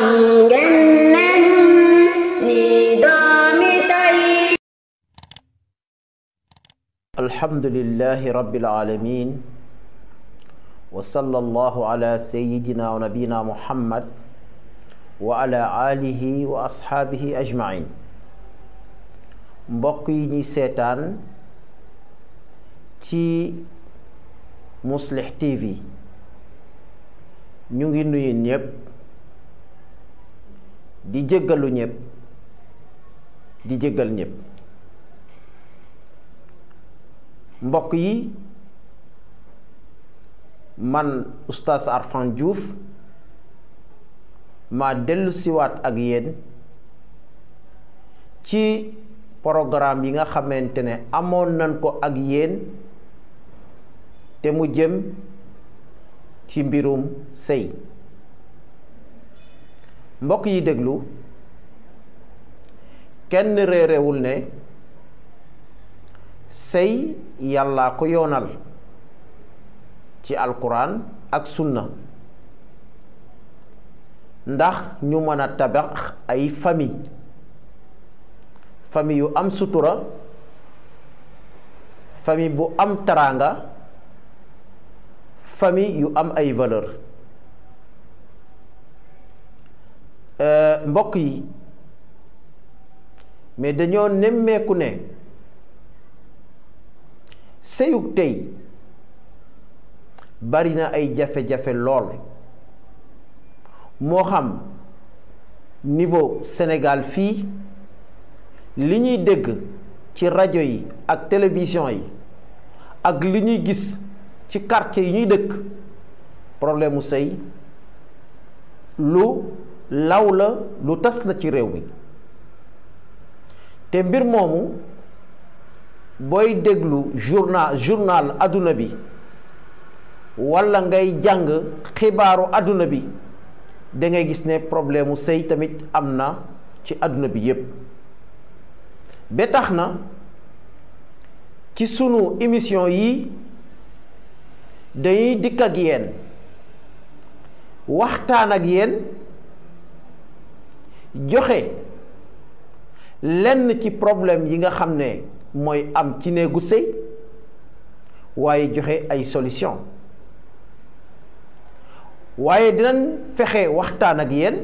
الحمد لله رب العالمين وصلى الله على سيدنا ونبينا محمد وعلى آله وأصحابه أجمعين mbokk yi ñuy seetaan ci Mouslih TV ñu ngi nuyu ñépp di jéggalu ñépp di jéggal ñépp mbokk yi man oustaz Arfan Diouf ma dellu siwaat ak yéen ci programme yi nga xamante ne amoon nan ko ak yéen te mu jëm ci mbirum séy mbokk yi déglu kenn réerewul ne sey yàllaa ko yoonal ci alquran ak sunna ndax ñu mën a tabax ay famille fami yu am sutura famille bu am taraanga famille yu am ay valeur Euh, mbokk yi mais dañoo nemmeeku ne sëyug tey bari na ay jafe-jafe lool moo xam niveau Sénégal fii li ñuy dégg ci rajo yi ak télévision yi ak li ñuy gis ci quartier yi ñuy dëkk problème mu sëy lu law la lu tas na ci réew mi te mbir moomu booy déglu journal journal adduna bi walla ngay jàng xibaaru adduna bi dangay gis ne problème mu sëy tamit am na ci àdduna bi yépp ba tax na ci sunu émission yi dañuy dikk ak yéen waxtaan ak yéen joxe lenn ci problème yi nga xam ne mooy am ci néegu sëy waaye joxe ay solution waaye dinañ fexe waxtaan ak yéen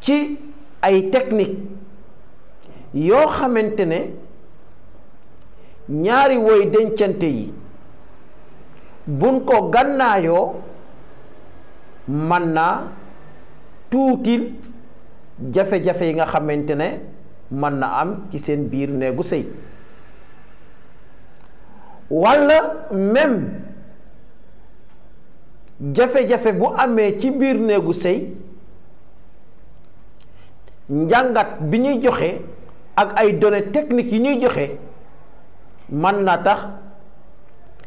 ci ay technique yoo xamante ne ñaari woy dencante yi buñ ko gànnaayoo mën naa tuutil jafe-jafe yi nga xamante ne mën na am ci seen biir néegu sëy walla même jafe-jafe bu amee ci biir néegu sëy njàngat bi ñuy joxe ak ay données techniques yu ñuy joxe mën naa tax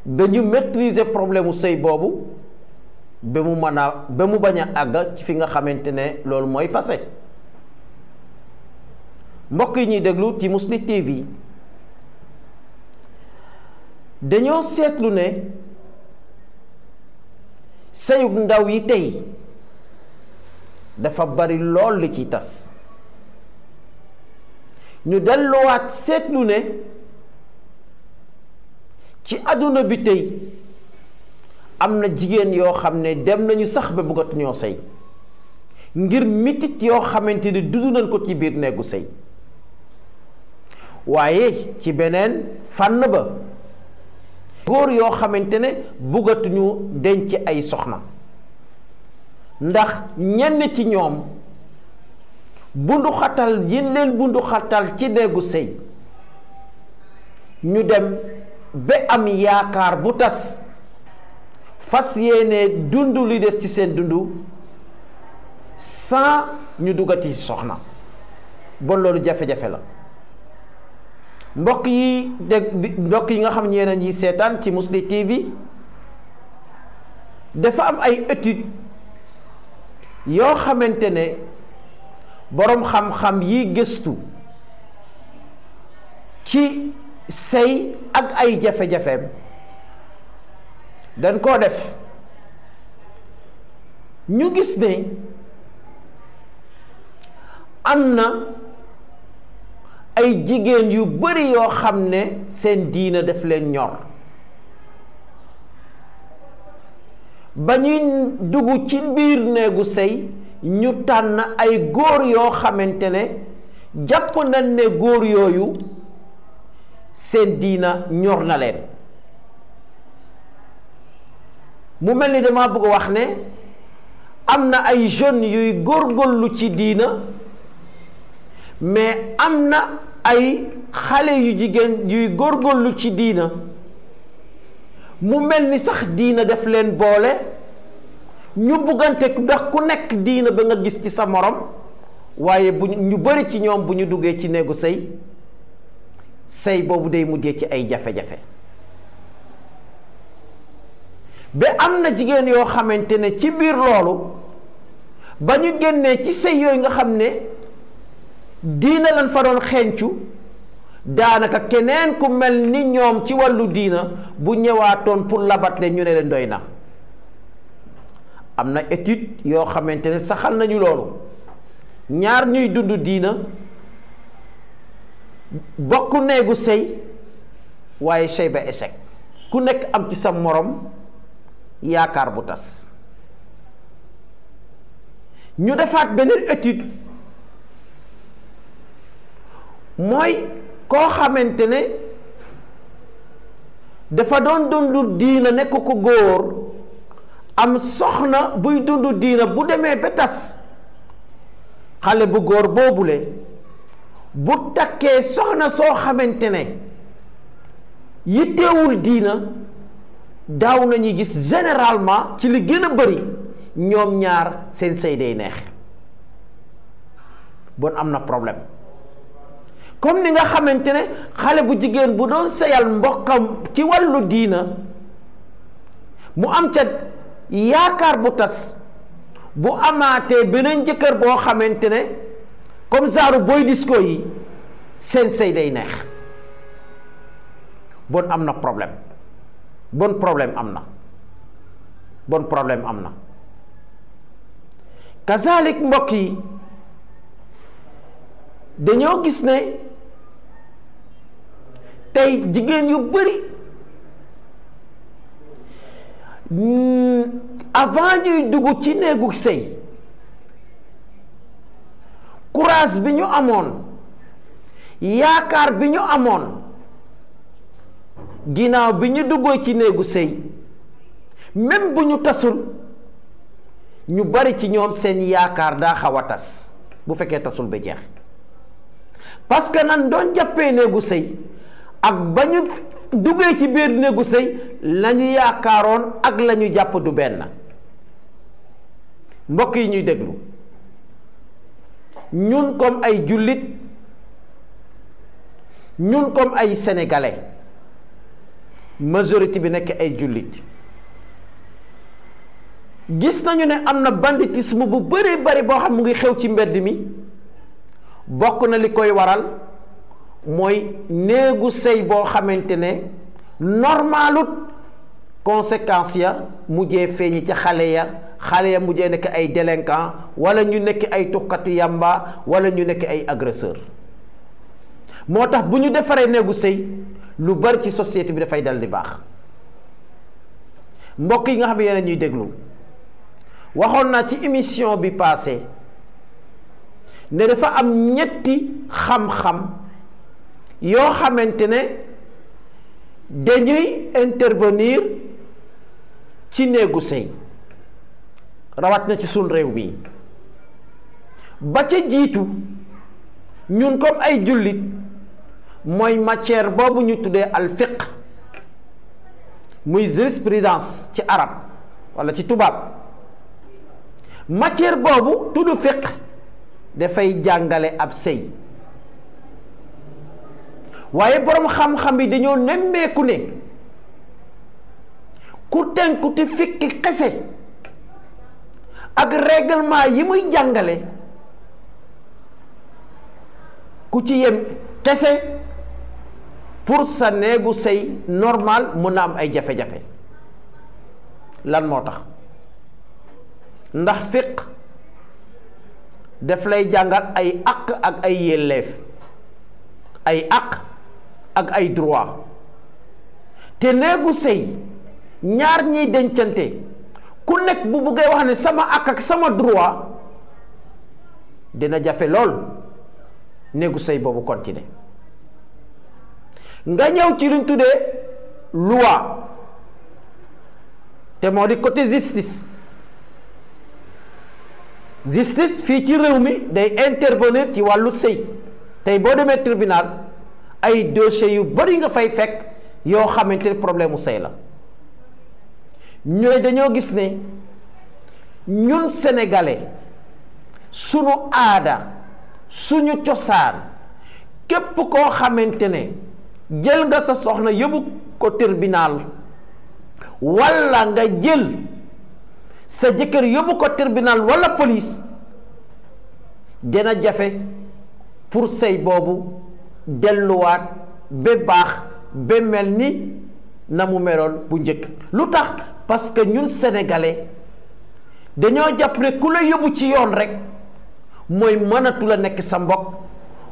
dañu maîtriser problème mu sëy boobu ba mu mën ba mu bañ a àgg ci fi nga xamante ne loolu mooy fase mbokk yi ñuy déglu ci Mouslih TV dañoo seetlu ne sëyug ndaw yi tey dafa bari lool li ci tas ñu delluwaat seetlu ne ci àdduna bi tey am na jigéen yoo xam ne dem nañu sax ba buggatuñoo ñoo ngir mitit yoo xamante ni dund nañ ko ci biir néegu sëy waaye ci beneen fànn ba góor yoo xamante ne bëggatuñu denc ay soxna ndax ñenn ci ñoom bunduxatal yi leen bunduxatal ci néegu sëy ñu dem ba am yaakaar bu tas fas yéene dund li des ci seen dund sans ñu dugga soxna bon loolu jafe-jafe la mbokk yi dégg mbokk yi nga xam ñeneen yi seetaan ci Mouslih TV dafa am ay étude yoo xamante ne boroom xam-xam yi gëstu ci sëy ak ay jafe-jafeem dañ koo def ñu gis ne am na ay jigéen yu bari yoo xam ne seen diina def leen ñor ba ñuy dugg ci biir néegu sëy ñu tànn ay góor yoo xamante ne jàpp nañ ne góor yooyu seen diina ñor na leen mu mel ni dama bëgg wax ne am na ay jeunes yuy góorgóorlu ci diina mais am na ay xale yu jigéen yuy góorgóorlu ci diina mu mel ni sax diina def leen boole ñu buggante ndax ku nekk diina ba nga gis ci sa morom waaye bu ñu bari ci ñoom bu ñu duggee ci néegu sëy sëy boobu day mujjee ci ay jafe-jafe ba am na jigéen yoo xamante ne ci biir loolu ba ñu génnee ci sëy yooyu nga xam ne diina lañ fa doon xencu daanaka keneen ku mel ni ñoom ci wàllu diina bu ñëwaatoon pour labat leen ñu ne leen doy na am na étude yoo xamante ne saxal nañu loolu ñaar ñuy dund diina bokk néegu sëy waaye sëy ba échec ku nekk am ci sa morom yaakaar bu tas ñu defaat beneen étude mooy koo xamante ne dafa doon dund diina nekk ko góor am soxna buy dund diina bu demee ba tas xale bu góor boobule bu takkee soxna soo xamante ne yittewul diina daaw nañu gis généralement ci li gën a bari ñoom ñaar seen sëy day neex bon am na problème comme ni nga xamante ne xale bu jigéen bu doon sëyal mbokkam ci wàllu diina mu am ca yaakaar bu tas bu amaatee beneen jëkkër boo xamante ne comme saaru booy disko yi seen sëy day neex bon am na problème bon problème am na bon problème am na kazalik mbokk yi dañoo gis ne tey jigéen yu bëri mm, avant ñuy dugg ci néegu sëy courage bi ñu amoon yaakaar bi ñu amoon ginnaaw bi ñu duggee ci néegu sëy même bu ñu tasul ñu bari ci ñoom seen yaakaar daa xaw a tas bu fekkee tasul bi jeex parce que nan doon jàppee néegu sëy ak ba ñu duggee ci biir néegu sëy lañu yaakaaroon ak la jàpp du benn mbokk yi ñuy déglu ñun comme ay jullit ñun comme ay senegale majorité bi nekk ay jullit gis nañu ne am na banditisme bu bëree bari boo xam mu ngi xew ci mbedd mi bokk na li koy waral mooy néegu sëy boo xamante ne normalut conséquence ya mujjee feeñi ca xale ya xale ya mujjee nekk ay délinquant wala ñu nekk ay tuxkatu yàmba wala ñu nekk ay agresseur moo tax bu ñu defaree néegu sëy lu bari ci société bi dafay dal di baax mbokk yi nga xam ne yéen ñuy déglu waxoon naa ci émission bi passé ne dafa am ñetti xam-xam yoo xamante ne dañuy intervenir ci néegu sëy rawat na ci sun réew bi ba ca jiitu ñun comme ay jullit mooy matière boobu ñu tuddee al fiqh muy jurisprudence ci arab wala ci tubaab matière boobu tudd fiqh dafay jàngale ab sëy waaye boroom xam-xam yi dañoo nemmeeku ne ku tënku te fikki kese ak règlement yi muy jàngale ku ci yem kese pour sa néegu sëy normal mun na am ay jafe-jafe lan moo tax ndax fiq def lay jàngal ay àq ak ay yelleef ay àq ak ay droit te néegu sëy ñaar ñiy dencante ku nekk bu buggee wax ne sama àq ak sama droit dina jafe lool néegu sëy boobu continuer nga ñëw ci liñ tuddee loi te moo di côté justice justice fii ci réew mi day intervenir ci wàllu sëy tey boo demee tribinal ay dossiers yu bari nga fay fekk yoo xamante ne problème mu sëy la ñooy dañoo gis ne ñun senegale sunu aada suñu cosaan képp koo xamante ne jël nga sa soxna yóbbu ko tribunal walla nga jël sa jëkkër yóbbu ko tribunal walla police dina jafe pour sey boobu delluwaat ba baax ba mel ni na mu meloon bu njëkk lu tax parce que ñun senegale dañoo jàpp ne ku la yóbbu ci yoon rek mooy mënatu la nekk sa mbokk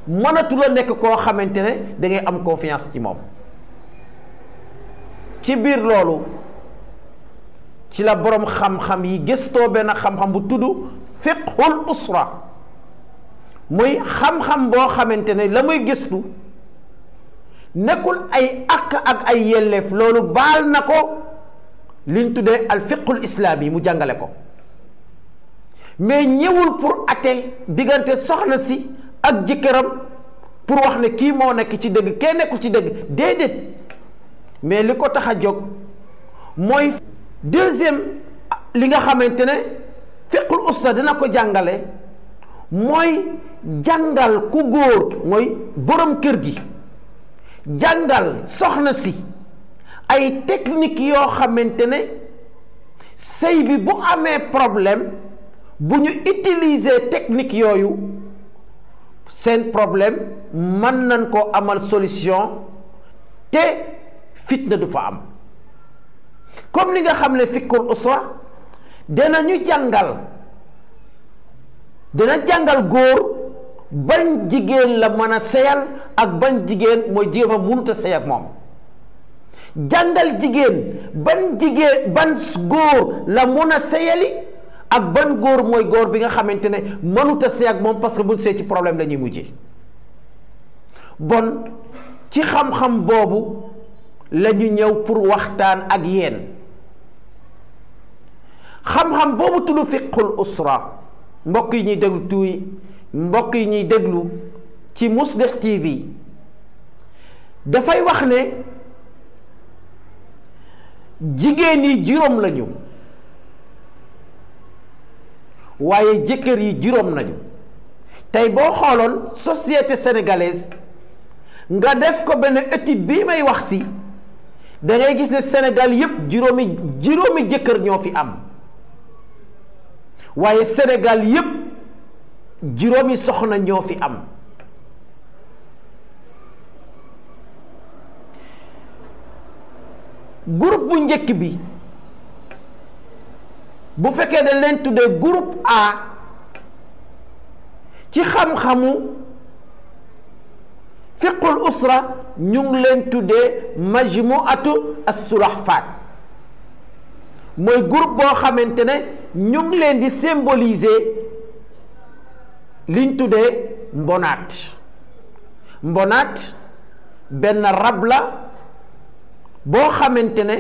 mënatu nekk koo xamante ne dangay am confiance ci moom ci biir loolu ci la boroom xam-xam yi gëstoo benn xam-xam bu tudd fiqhul usra muy xam-xam boo xamante ne la muy gëstu nekkul ay àq ak ay yelleef loolu baal na ko liñ tuddee al fiqhul islaam yi mu jàngale ko mais ñëwul pour ate diggante soxna si ak jëkkëram pour wax ne kii moo nekk ci dëgg kee nekkul ci dégg déedéet mais li ko tax a jóg mooy deuxième li nga xamante ne fiqul usta dina ko jàngale mooy jàngal ku góor mooy borom kër gi jàngal soxna si ay technique yoo xamante ne sëy bi bu amee problème bu ñu utiliser technique yooyu seen problème mën nañ koo amal solution te fitna du fa am comme li nga xam ne fikkul usra dinañu jàngal dina jàngal góor ban jigéen la mën a seyal ak ban jigéen mooy jigéen ma mënut a sey ak moom jàngal jigéen ban jigéen ban góor la mën a seyali ak ban góor mooy góor bi nga xamante ne mënut a see ak moom parce que buñ see ci problème la ñuy mujjee bon ci xam-xam boobu lañu ñëw pour waxtaan ak yéen xam-xam boobu tudd fiqhul usra mbokk yi ñuy déglu tuy mbokk yi ñuy déglu ci Mouslih TV dafay wax ne jigéen yi juróom lañu waaye jëkkër yi juróom nañu tey boo xooloon société sénégalaise nga def ko benn étude bii may wax si dangay gis ne Sénégal yépp juróomi juróomi jëkkër ñoo fi am waaye senegal yépp juróomi soxna ñoo fi am groupe njëkk bi bu fekkee dañ leen tuddee groupe A ci xam-xamu fiqul usra ñu leen tuddee majmuatu atu sulahfaat mooy groupe boo xamante ne ñu ngi leen di symboliser liñ tuddee mbonaat mbonaat benn rab la boo xamante ne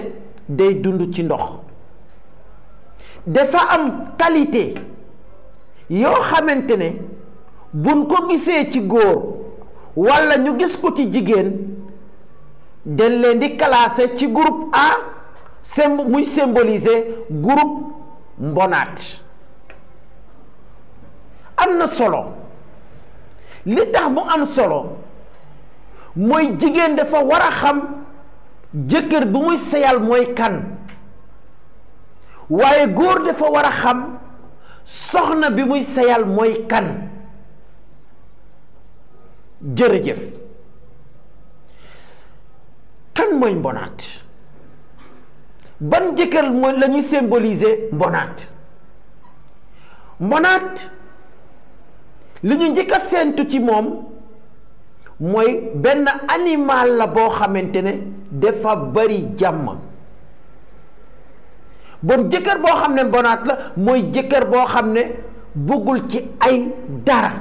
day dund ci ndox dafa am qualité yoo xamante ne buñ ko gisee ci góor walla ñu gis ko ci jigéen dañ leen di classé ci groupe A symb muy symboliser groupe mbonaat am na solo li tax mu am solo mooy jigéen dafa war a xam jëkkër bi muy seyal mooy kan waaye góor dafa war a xam soxna bi muy seyal mooy kan jërëjëf kan mooy mbonaat ban jëkkër mooy lañuy ñuy symboliser mbonaat mbonaat li ñu njëkk a ci moom mooy benn animal la boo xamante ne dafa bari jàmm bon jëkkër boo xam ne mbonaat la mooy jëkkër boo xam ne bëggul ci ay dara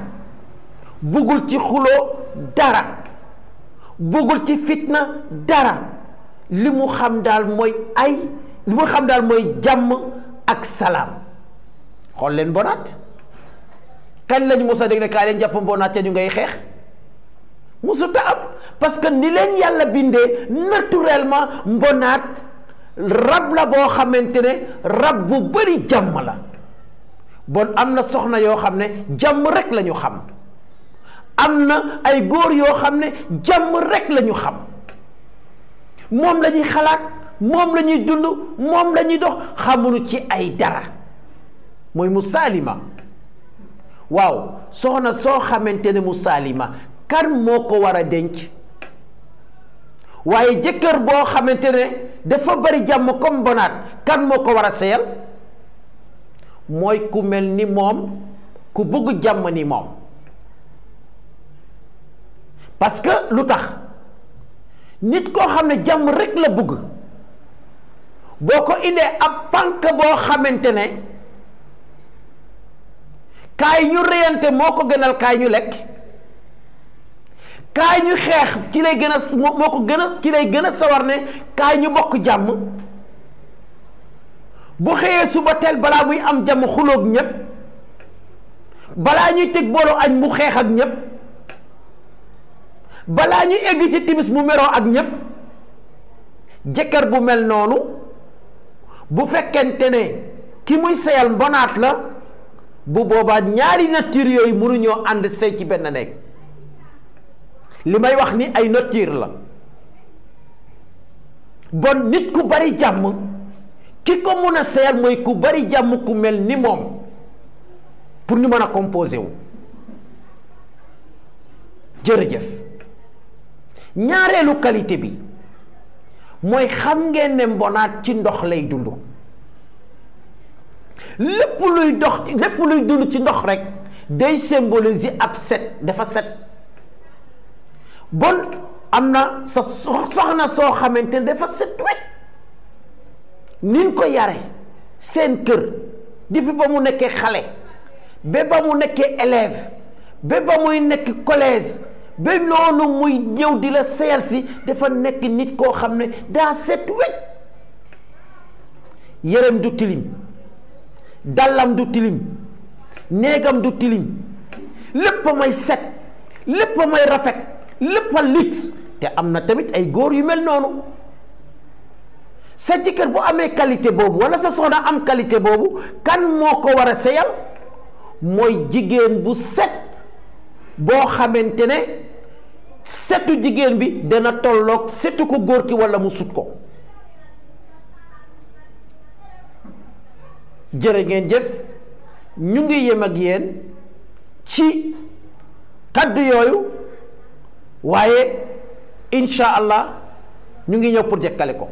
bëggul ci xuloo dara bëggul ci fitna dara li mu xam daal mooy ay li mu xam daal mooy jàmm ak salaam xool leen mbonaat kañ lañu mos a dégg ne kaay leen jàpp mbonaat ca ñu ngay xeex musuta am parce que ni leen yàlla bindee naturellement mbonaat rab la boo xamante ne rab bu bari jàmm la bon am na soxna yoo xam ne jàmm rekk lañu xam am na ay góor yoo xam ne jàmm rekk lañu xam moom lañuy xalaat moom lañuy ñuy moom lañuy dox xamunu ci ay dara mooy mu saalimam waaw soxna soo xamante ne mu saalima kan moo ko war a denc waaye jëkkër boo xamante ne dafa bari jàmm comme bonaat kan moo ko war a seyal mooy ku mel ni moom ku bëgg jàmm ni moom parce que lu tax nit koo xam ne jàmm rekk la bëgg boo ko indee ab pànk boo xamante ne kaay ñu reyante moo ko gënal kaay ñu lekk kaay ñu xeex ci lay gën a moo ko gën a ci lay gën a sawar ne kaay ñu bokk jàmm bu xëyee suba teel balaa muy am jàmm xuloog ñépp teg booloo añ mu xeex ak ñépp balaa ñu egg ci timis mu meroo ak ñépp jëkkër bu mel noonu bu fekkente ne ki muy seyal mbonaat la bu boobaat ñaari nature yooyu mënuñoo ànd sey ci benn nekk li may wax ni ay notiir la bon nit ku bari jàmm ki ko mun a seer mooy ku bari jàmm ku mel ni moom pour ñu mën a composé wu jërëjëf ñaareelu qualité bi mooy xam ngeen ne mbonaat ci ndox lay dund lépp luy dox lépp luy dund ci ndox rek day symboliser ab set dafa set bon am na sa na soo xamante ne dafa set wecc nin ko yare seen kër depuis ba mu nekkee xale ba ba mu nekkee élève ba ba muy nekk collège ba noonu muy ñëw di la seyal si dafa nekk nit koo xam ne daa set wecc yërëm du tilim dallam du tilim néegam du tilim lépp may set lépp may rafet lépp fa lit te am na tamit ay góor yu mel noonu sa jëkkër bu amee qualité boobu wala sa soxna am qualité boobu kan moo ko war a seyal mooy jigéen bu set boo xamante ne setu jigéen bi dana tollook setu ko góor ki wala mu sut ko jërë jëf ñu ngi yem ak ci kàddu yooyu waaye incha allah ñu ngi ñëw pour jekkale ko